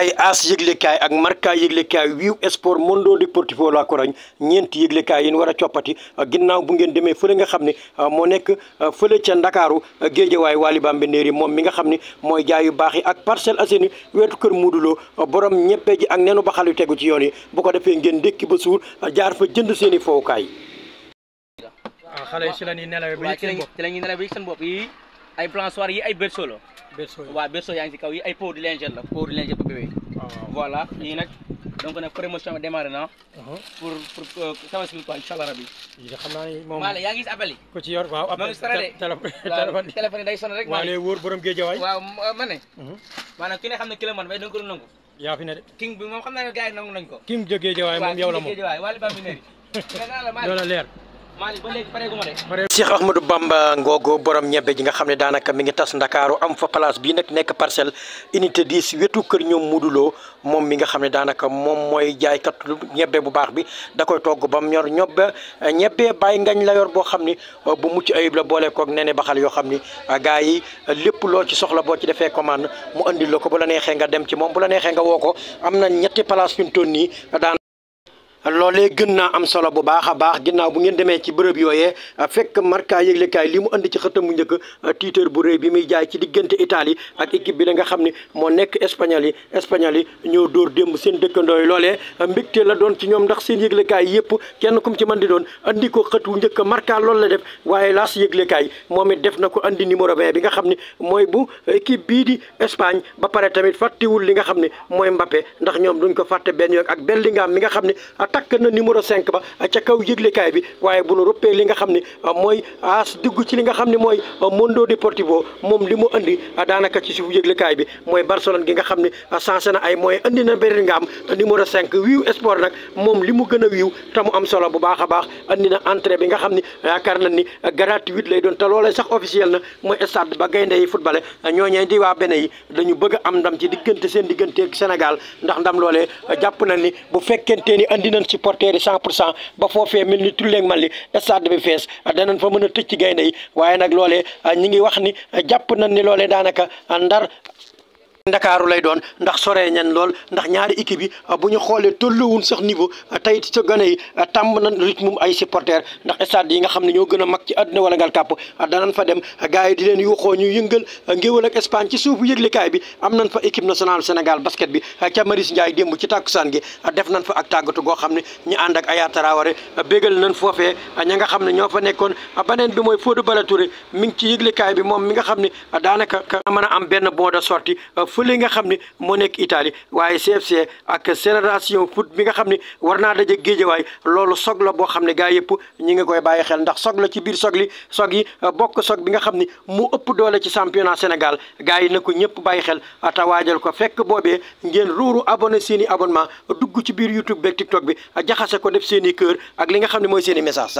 ay as yëglekaay ak marka yëglekaay wiiw sport mondo di portivo la Corogne ñeenti yëglekaay yi ñu war a coppati ginnaaw bu ngeen demee fële nga xam ne ah, moo nekk ah, fële ca ndakaaru ah, géejawaay waali bambendeeri moom mi nga xam ni mooy jaayu baax yi ak Parcelles Assainies weetu kër muuduloo borom ñeppe ak ak ba xal yu tegu ci yoon yi bu ko defee ngeen dékki ba suur jaar fa jënd seeni i fowukaay ay blanchoir yi ay berceau la. berceau yi waaw berceau yaa ngi si kaw yi ay pot de lingette la pot de lingette ba bébé. Ah, voilà yii nag donc promotion bi na. Uh-huh. pour pour euh, tabaski bi quoi incha allah rabi. yii xam naa ne moom yaa ngi gis appel yi. ku ci yor waaw appel téléphone téléphone day sonné rek. waaw léegi wóor borom géejawaay. waaw ma ne. Uh-huh. maanaam ki ne ne kilo man bay da nga ko nangu. yaa fi ne de. king bi moom xam naa ne gars yi nangu nañu ko. king jógee moom yow la Cheikh Ahmadou Bamba ngoogo borom ñebe ji nga xam ne daanaka mi ngi tas Ndakaaru am fa place bii nag nekk parcelle unité 10 wetu kër ñoom Modulo moom mi nga xam ne daanaka moom mooy jaaykat ñebe bu baax bi da koy togg bam ñor ñobbe ñebe bàyyi ngañ la yor boo xam ni bu mucc ayub la boole koog nee ne baxal yoo xam ni gars yi lépp loo ci soxla boo ci defee commande mu andil la ko bu neexee nga dem ci moom bu la neexee nga woo ko am na ñetti place loolee gën naa am solo bu baax a baax ginnaaw bu ngeen demee ci bërëb yooyee fekk marka yëglekaay li mu indi ci xëtam bu njëkk tiitër bu rëy bi muy jaay ci diggante Italie ak équipe bi la nga xam ni moo nekk Espagnol yi Espagnol yi ñoo dóor démb seen dëkkandoo yi loolee mbégte la doon ci ñoom ndax seen yëglekaay yëpp kenn kum ci mën di doon indi ko xët wu njëkk marka loolu la def waaye laas yëglekaay moom it def na ko indi numéro 20 bi nga xam ni mooy bu équipe bii di Espagne ba pare tamit fàttewul li nga xam ni mooy Mbappé ndax ñoom duñ ko fàtte benn yoon ak Bellingham mi nga xam ni takk na numéro 5 ba ca kaw yëglekaay bi waaye bu nu ruppee li nga xam ni ah, mooy as ah, dugg ci li nga xam ni mooy ah, Mundo Deportivo moom li mu andi daanaka ci suuf yëglekaay bi mooy Barcelone gi nga xam ni sensé na ay moyens andi na Bellingham numéro 5 wiiw sport nag moom li mu gën a wiiw te mu am solo bu baax a baax andi na entrée bi nga xam ni yaakaar na ni gratuite lay doon te loolee sax officiel na mooy stade ba gaynde yi footballé ñooñee di waa bene yi dañu bëgg am ndam ci diggante seen diggante ak Sénégal ndax ndam loolee jàpp yeneen supporters yi cent pour cent ba foofee mel ni tulleeg man li stade bi fees danañ fa mën a tëj ci gaynde yi waaye nag loole ah, ñi ngi wax ni ah, jàpp nañ ni loole daanaka ah, ndar ndakaaru lay doon ndax soree ñan lool ndax ñaari équipe yi ah, bu ñu xoolee tolluwun sax niveau ah, tey sa gone yi ah, tàmm na rythme ay supporters ndax stade yi nga xam ne ñoo gën a mag ci àdduna wala ngal kàpp danañ fa dem gars yi ñu yëngal ngéwal ak Espagne ci suufu yëglikaay bi am nañ fa équipe nationale Sénégal basket bi ca Maris Ndiaye démb ci tàkkusaan gi goo xam ne ñu ànd ak Aya Traoré nga xam ne ñoo fa nekkoon beneen bi mooy Fodou Bala Touré mi ngi ci yëglikaay bi moom mi nga xam ne daanaka mën a am benn bon de sortie fële nga xam ne moo nekk Italie waaye CFC ak Génération Foot bi nga xam ne war naa daje géejawaay loolu sog la boo xam ne gaa yëpp ñi ngi koy bàyyi xel ndax sog la ci biir sog li sog yi euh, bokk sog bi nga xam ni mu ëpp doole ci championnat Sénégal gaa yi na ko ñëpp bàyyi xel ata waajal ko fekk boobee ngeen ruuru abonné seen i dugg ci biir YouTube beeg TikTok bi jaxase ko def seeni i kër ak li nga xam ne mooy seeni i message